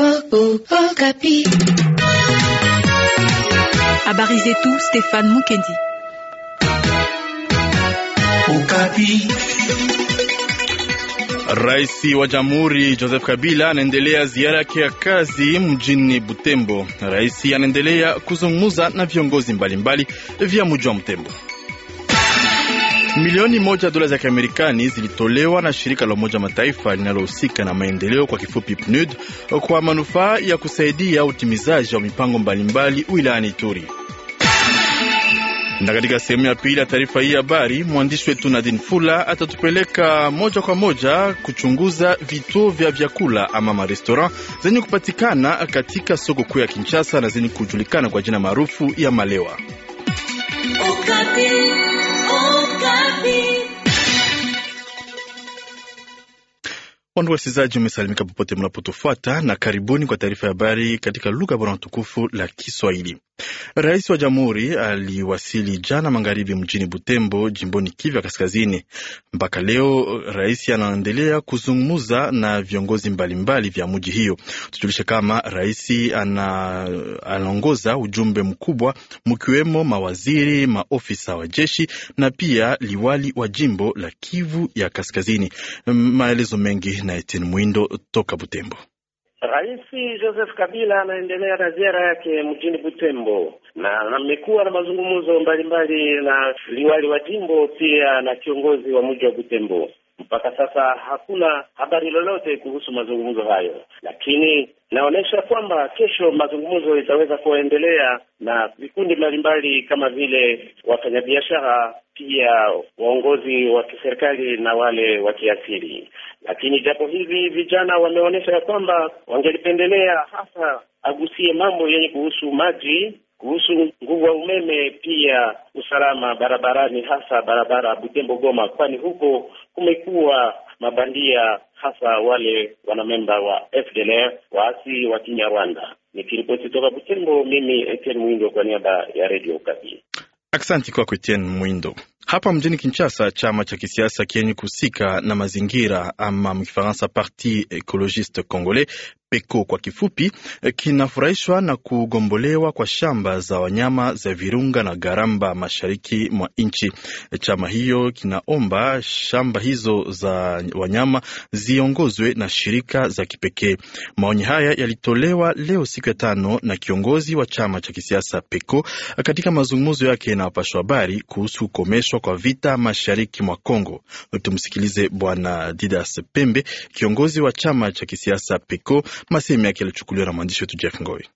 Habari oh, oh, oh, zetu Stéphane Mukendi. Okapi. Raisi wa Jamhuri Joseph Kabila anaendelea ziara yake ya kazi mjini Butembo. Raisi anaendelea kuzungumza na viongozi mbalimbali vya mji wa Butembo. Milioni moja dola za Kiamerikani zilitolewa na shirika la Umoja Mataifa linalohusika na maendeleo kwa kifupi PNUD kwa manufaa ya kusaidia utimizaji wa mipango mbalimbali wilayani Ituri. Na katika sehemu ya pili ya taarifa hii habari, mwandishi wetu nadin Fula atatupeleka moja kwa moja kuchunguza vituo vya vyakula ama marestorant zenye kupatikana katika soko kuu ya Kinshasa na zenye kujulikana kwa jina maarufu ya Malewa. Wandu wasikilizaji, umesalimika popote mnapotufuata na karibuni kwa taarifa ya habari katika lugha bora tukufu la Kiswahili. Rais wa jamhuri aliwasili jana magharibi mjini Butembo, jimboni Kivu Kaskazini. Mpaka leo rais anaendelea kuzungumza na viongozi mbalimbali vya mji hiyo. Tujulishe kama rais anaongoza ujumbe mkubwa mkiwemo mawaziri, maofisa wa jeshi na pia liwali wa jimbo la Kivu ya Kaskazini. Maelezo mengi na Etienne Mwindo toka Butembo. Rais Joseph Kabila anaendelea na ziara yake mjini Butembo na amekuwa na mazungumzo mbalimbali na liwali wa jimbo pia na kiongozi wa mji wa Butembo. Mpaka sasa hakuna habari lolote kuhusu mazungumzo hayo, lakini naonyesha kwamba kesho mazungumzo itaweza kuendelea na vikundi mbalimbali kama vile wafanyabiashara ya waongozi wa kiserikali na wale wa kiasili. Lakini japo hivi vijana wameonyesha ya kwamba wangelipendelea hasa agusie mambo yenye kuhusu maji, kuhusu nguvu wa umeme, pia usalama barabarani, hasa barabara Butembo Goma, kwani huko kumekuwa mabandia, hasa wale wanamemba wa FDLR, waasi wa Kinyarwanda. Nikiripoti toka Butembo, mimi Etienne Mwindo kwa niaba ya Radio Okapi. Aksanti kwako Etienne Mwindo. Hapa mjini Kinshasa, chama cha kisiasa kienyi kuhusika na mazingira ama mkifaransa Parti Ecologiste Congolais Peko kwa kifupi eh, kinafurahishwa na kugombolewa kwa shamba za wanyama za Virunga na Garamba mashariki mwa nchi. Eh, chama hiyo kinaomba shamba hizo za wanyama ziongozwe na shirika za kipekee. Maoni haya yalitolewa leo siku ya tano na kiongozi wa chama cha kisiasa Peko eh, katika mazungumzo yake na wapashwa habari kuhusu kukomeshwa kwa vita mashariki mwa Kongo. Tumsikilize Bwana Didas Pembe, kiongozi wa chama cha kisiasa Peko Masehemu yake yalichukuliwa na mwandishi wetu Jeff Ngoi.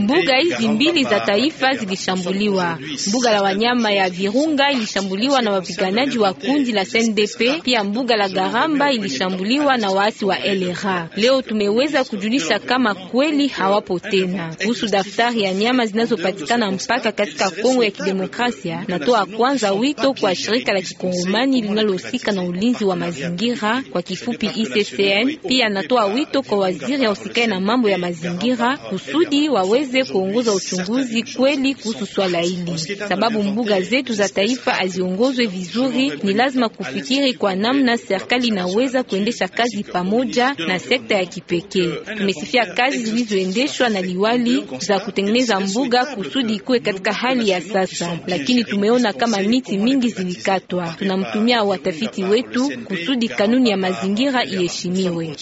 Mbuga hizi mbili za taifa zilishambuliwa. Mbuga la wanyama ya Virunga ilishambuliwa na wapiganaji wa kundi la CNDP, pia mbuga la Garamba ilishambuliwa na waasi wa LRA. Leo tumeweza kujulisha kama kweli hawapo tena. Kuhusu daftari ya nyama zinazopatikana mpaka katika Kongo ya Kidemokrasia, natoa kwanza wito kwa shirika la kikongomani linalohusika na ulinzi wa mazingira, kwa kifupi ICCN. Pia natoa wito kwa waziri ya usikae na mambo ya mazingira kusudi waweze kuongoza uchunguzi kweli kuhusu swala hili, sababu mbuga zetu za taifa aziongozwe vizuri. Ni lazima kufikiri kwa namna serikali inaweza kuendesha kazi pamoja na sekta ya kipekee. Tumesifia kazi zilizoendeshwa na liwali za kutengeneza mbuga kusudi ikuwe katika hali ya sasa, lakini tumeona kama miti mingi zilikatwa. Tunamtumia watafiti wetu kusudi kanuni ya mazingira iheshimiwe.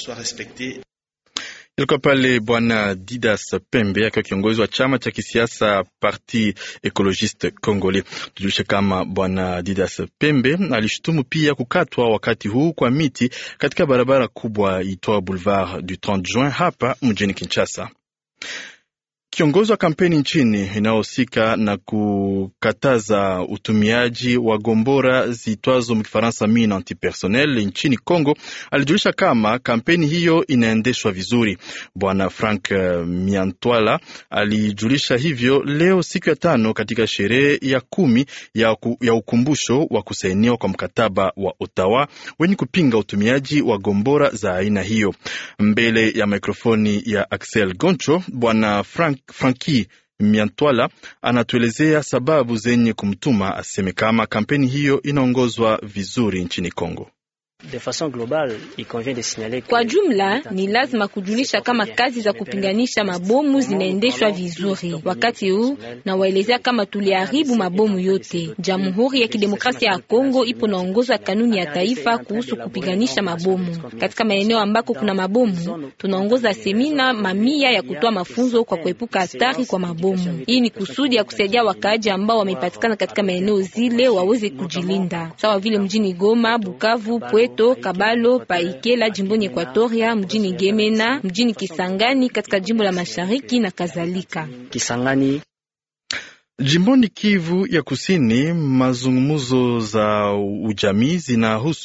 Ilikuwa pale bwana Didas Pembe akiwa kiongozi wa chama cha kisiasa Parti Ecologiste Congolais. Tujulishe kama bwana Didas Pembe alishutumu pia kukatwa wakati huu kwa miti katika barabara kubwa itwa Boulevard du 30 Juin hapa mjini Kinshasa. Kiongozi wa kampeni nchini inayohusika na kukataza utumiaji wa gombora zitwazo mkifaransa mine nchini Congo alijulisha kama kampeni hiyo inaendeshwa vizuri. Bwana Frank eh, Miantwala alijulisha hivyo leo siku ya tano katika sherehe ya kumi ya, ku, ya ukumbusho wa kusainiwa kwa mkataba wa Ottawa wenye kupinga utumiaji wa gombora za aina hiyo. Mbele ya mikrofoni ya Axel Goncho, bwana Frank Franki Miantwala anatuelezea sababu zenye kumtuma aseme kama kampeni hiyo inaongozwa vizuri nchini Kongo. Kwa jumla, ni lazima kujulisha kama kazi za kupinganisha mabomu zinaendeshwa vizuri. Wakati huu nawaelezea kama tuliharibu mabomu yote. Jamhuri ya Kidemokrasia ya Kongo ipo naongoza kanuni ya taifa kuhusu kupinganisha mabomu. Katika maeneo ambako kuna mabomu, tunaongoza semina mamia ya kutoa mafunzo kwa kuepuka hatari kwa mabomu. Hii ni kusudi ya kusaidia wakaaji ambao wamepatikana katika maeneo zile waweze kujilinda, sawa vile mjini Goma, Bukavu, Pwete Soweto, Kabalo, Paikela jimboni Equatoria, mjini Gemena, mjini Kisangani katika jimbo la Mashariki na kadhalika. Kisangani Jimboni Kivu ya Kusini, mazungumzo za ujamii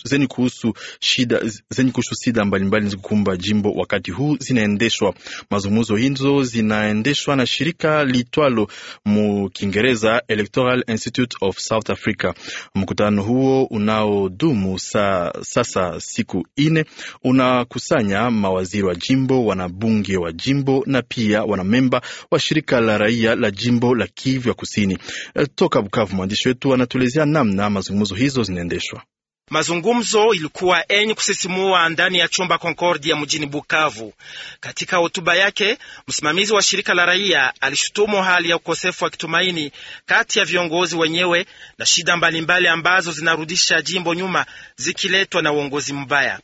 zenye kuhusu shida zenye kuhusu shida mbalimbali zikukumba jimbo wakati huu zinaendeshwa. Mazungumzo hizo zinaendeshwa na shirika litwalo mu Kiingereza Electoral Institute of South Africa. Mkutano huo unaodumu sa, sasa siku ine unakusanya mawaziri wa jimbo, wanabunge wa jimbo na pia wanamemba wa shirika la raia la jimbo la Kivu Kusini. Eh, toka Bukavu, mwandishi wetu anatuelezea namna mazungumzo hizo zinaendeshwa. Mazungumzo ilikuwa yenye kusisimua ndani ya chumba Concordia mjini Bukavu. Katika hotuba yake, msimamizi wa shirika la raia alishutumu hali ya ukosefu wa kitumaini kati ya viongozi wenyewe na shida mbalimbali ambazo zinarudisha jimbo nyuma zikiletwa na uongozi mbaya.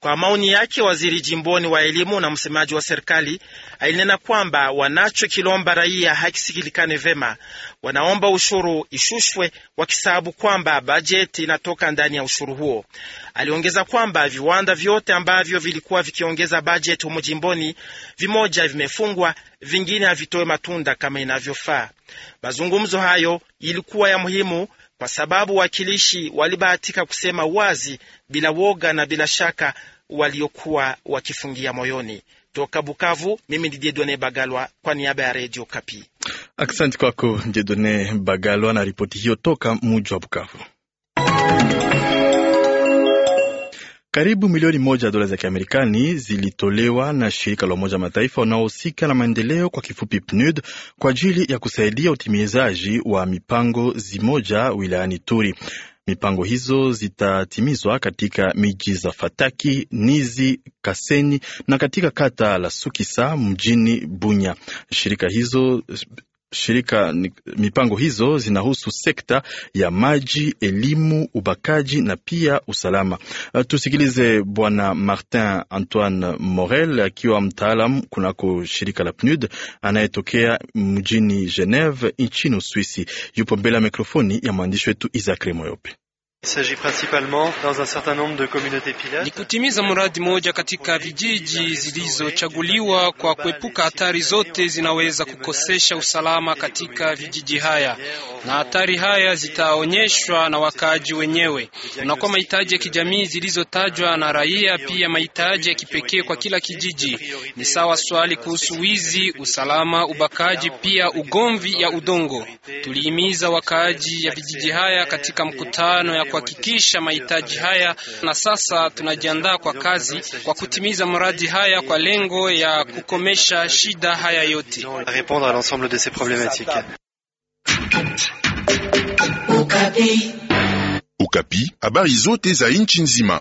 Kwa maoni yake, waziri jimboni wa elimu na msemaji wa serikali alinena kwamba wanachokilomba raia hakisikilikane vema. Wanaomba ushuru ishushwe wakisababu kwamba bajeti inatoka ndani ya ushuru huo. Aliongeza kwamba viwanda vyote ambavyo vilikuwa vikiongeza bajeti humo jimboni, vimoja vimefungwa, vingine havitoe matunda kama inavyofaa. Mazungumzo hayo ilikuwa ya muhimu kwa sababu wakilishi walibahatika kusema wazi bila woga na bila shaka waliokuwa wakifungia moyoni. Toka Bukavu, mimi ni Diedone Bagalwa kwa niaba ya Redio Kapi. Asante kwako Diedone Bagalwa na ripoti hiyo toka muji wa Bukavu. Karibu milioni moja ya dola za Kiamerikani zilitolewa na shirika la Umoja Mataifa unaohusika na maendeleo kwa kifupi PNUD kwa ajili ya kusaidia utimizaji wa mipango zimoja wilayani Turi. Mipango hizo zitatimizwa katika miji za Fataki, Nizi, Kaseni na katika kata la Sukisa mjini Bunya. Shirika hizo shirika mipango hizo zinahusu sekta ya maji, elimu, ubakaji na pia usalama. Uh, tusikilize Bwana Martin Antoine Morel akiwa mtaalam kunako shirika la PNUD anayetokea mjini Geneve nchini Uswisi. Yupo mbele ya mikrofoni ya mwandishi wetu Isaac Remoyope. Il s'agit principalement dans un certain nombre de communautés pilotes. Ni kutimiza mradi moja katika vijiji zilizochaguliwa kwa kuepuka hatari zote zinaweza kukosesha usalama katika vijiji haya, na hatari haya zitaonyeshwa na wakaaji wenyewe. Unakuwa mahitaji ya kijamii zilizotajwa na raia, pia mahitaji ya kipekee kwa kila kijiji. Ni sawa swali kuhusu wizi, usalama, ubakaji, pia ugomvi ya udongo. Tulihimiza wakaaji ya vijiji haya katika mkutano ya kuhakikisha mahitaji haya, na sasa tunajiandaa kwa kazi kwa kutimiza mradi haya kwa lengo ya kukomesha shida haya yote. Ukapi, habari zote za nchi nzima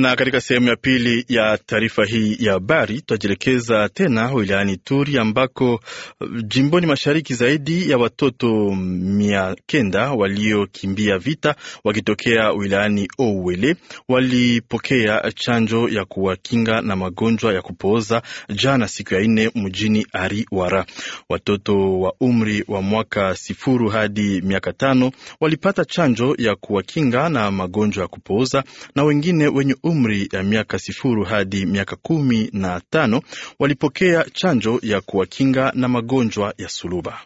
na katika sehemu ya pili ya taarifa hii ya habari tutajielekeza tena wilayani Turi ambako eh, jimboni mashariki zaidi ya watoto mia kenda waliokimbia vita wakitokea wilayani Ouwele walipokea chanjo ya kuwakinga na magonjwa ya kupooza jana siku ya nne mjini Ariwara. Watoto wa umri wa mwaka sifuru hadi miaka tano walipata chanjo ya kuwakinga na magonjwa ya kupooza na wengine wenye umri ya miaka sifuru hadi miaka kumi na tano walipokea chanjo ya kuwakinga na magonjwa ya suluba.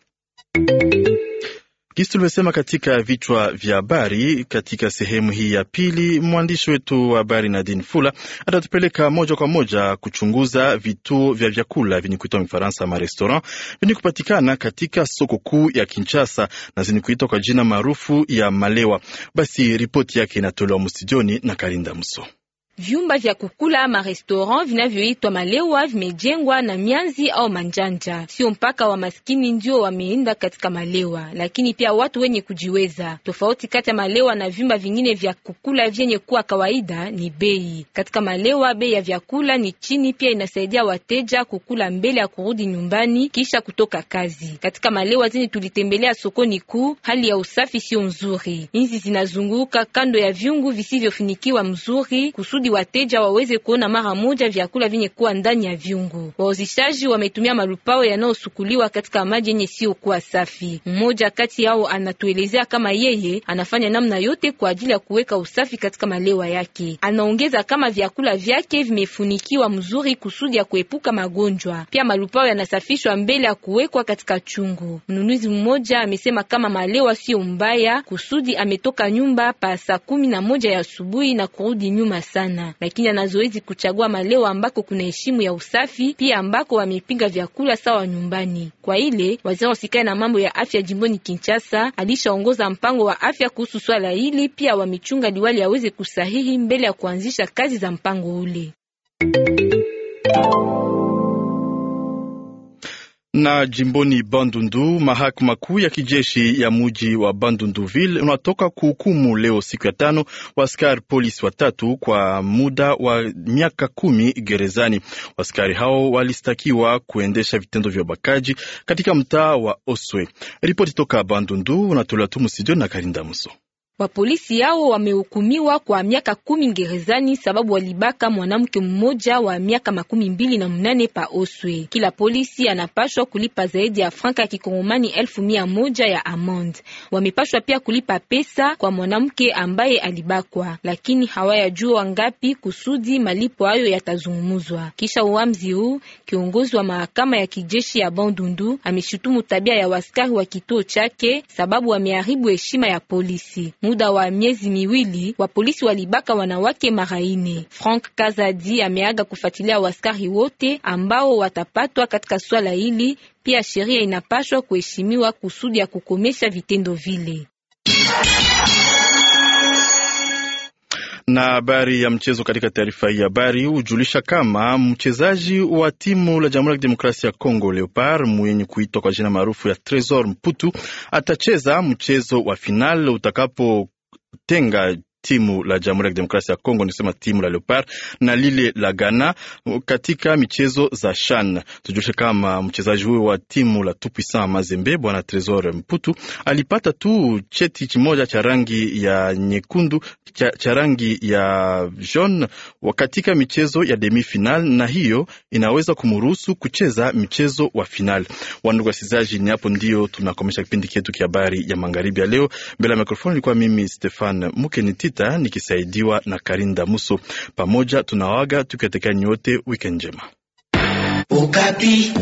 Kisi tulivyosema katika vichwa vya habari katika sehemu hii ya pili, mwandishi wetu wa habari nadin Fula atatupeleka moja kwa moja kuchunguza vituo vya vyakula vyenye kuitwa Mfaransa ma restaurant vyenye kupatikana katika soko kuu ya Kinshasa na zenye kuitwa kwa jina maarufu ya Malewa. Basi ripoti yake inatolewa mustijoni na Karinda Mso. Vyumba vya kukula ama restaurant vinavyoitwa malewa vimejengwa na mianzi au manjanja. Sio mpaka wa maskini ndio wameenda katika malewa, lakini pia watu wenye kujiweza. Tofauti kati ya malewa na vyumba vingine vya kukula vyenye kuwa kawaida ni bei. Katika malewa bei ya vyakula ni chini, pia inasaidia wateja kukula mbele ya kurudi nyumbani kisha kutoka kazi. Katika malewa zenye tulitembelea sokoni kuu, hali ya usafi sio nzuri. Hizi zinazunguka kando ya vyungu visivyofunikiwa mzuri kusudi kusudi wateja waweze kuona mara moja vyakula vyenye kuwa ndani ya viungo. Wauzishaji wametumia marupao yanayosukuliwa katika maji yenye sio kuwa safi. Mmoja kati yao anatuelezea kama yeye anafanya namna yote kwa ajili ya kuweka usafi katika malewa yake. Anaongeza kama vyakula vyake vimefunikiwa mzuri kusudi ya kuepuka magonjwa. Pia marupao yanasafishwa mbele ya kuwekwa katika chungu. Mnunuzi mmoja amesema kama malewa sio mbaya kusudi ametoka nyumba pa saa kumi na moja ya asubuhi na kurudi nyuma sana sana, lakini anazoezi kuchagua maleo ambako kuna heshimu ya usafi, pia ambako wamepinga vyakula sawa nyumbani. Kwa ile waziri wasikae na mambo ya afya jimboni Kinshasa alishaongoza mpango wa afya kuhusu swala hili, pia wamechunga liwali aweze kusahihi mbele ya kuanzisha kazi za mpango ule na jimboni Bandundu, mahakama kuu ya kijeshi ya muji wa Bandunduville unatoka kuhukumu leo siku ya tano waskari polisi watatu kwa muda wa miaka kumi gerezani. Waskari hao walistakiwa kuendesha vitendo vya ubakaji katika mtaa wa Oswe. Ripoti toka Bandundu unatolewa tu studio na Karinda Muso. Wapolisi hao wamehukumiwa kwa miaka kumi gerezani sababu walibaka mwanamke mmoja wa miaka makumi mbili na mnane pa Oswe. Kila polisi anapashwa kulipa zaidi ya franka ya kikongomani elfu mia moja ya amende. Wamepashwa pia kulipa pesa kwa mwanamke ambaye alibakwa, lakini hawayajua ngapi kusudi malipo hayo yatazungumuzwa. Kisha uamuzi huu, kiongozi wa mahakama ya kijeshi ya Bandundu ameshutumu tabia ya waskari wa kituo chake sababu wameharibu heshima ya polisi. Muda wa miezi miwili wa polisi walibaka wanawake mara ine. Frank Kazadi ameaga kufuatilia waskari wote ambao watapatwa katika swala hili. Pia sheria inapashwa kuheshimiwa kusudi ya kukomesha vitendo vile. na habari ya mchezo katika taarifa hii habari hujulisha kama mchezaji wa timu la Jamhuri ya Kidemokrasia ya Kongo Leopard mwenye kuitwa kwa jina maarufu ya Tresor Mputu atacheza mchezo wa final utakapo tenga timu la Jamhuri ya Kidemokrasia ya Kongo, nisema timu la Leopard na lile la Ghana katika michezo za CHAN. Tujulishe kama mchezaji huyo wa timu la Tupisa Mazembe, bwana Tresor Mputu alipata tu cheti kimoja cha rangi ya nyekundu cha, cha rangi ya jaune katika michezo ya demi final, na hiyo inaweza kumruhusu kucheza mchezo wa final. Wandugu wasikilizaji, ni hapo ndio tunakomesha kipindi chetu kia habari ya magharibi ya leo. Mbele ya mikrofoni ilikuwa mimi Stefan Mukeniti sita nikisaidiwa na Karinda Muso. Pamoja tunawaga tukiatekani wote, wikendi njema. Ukati.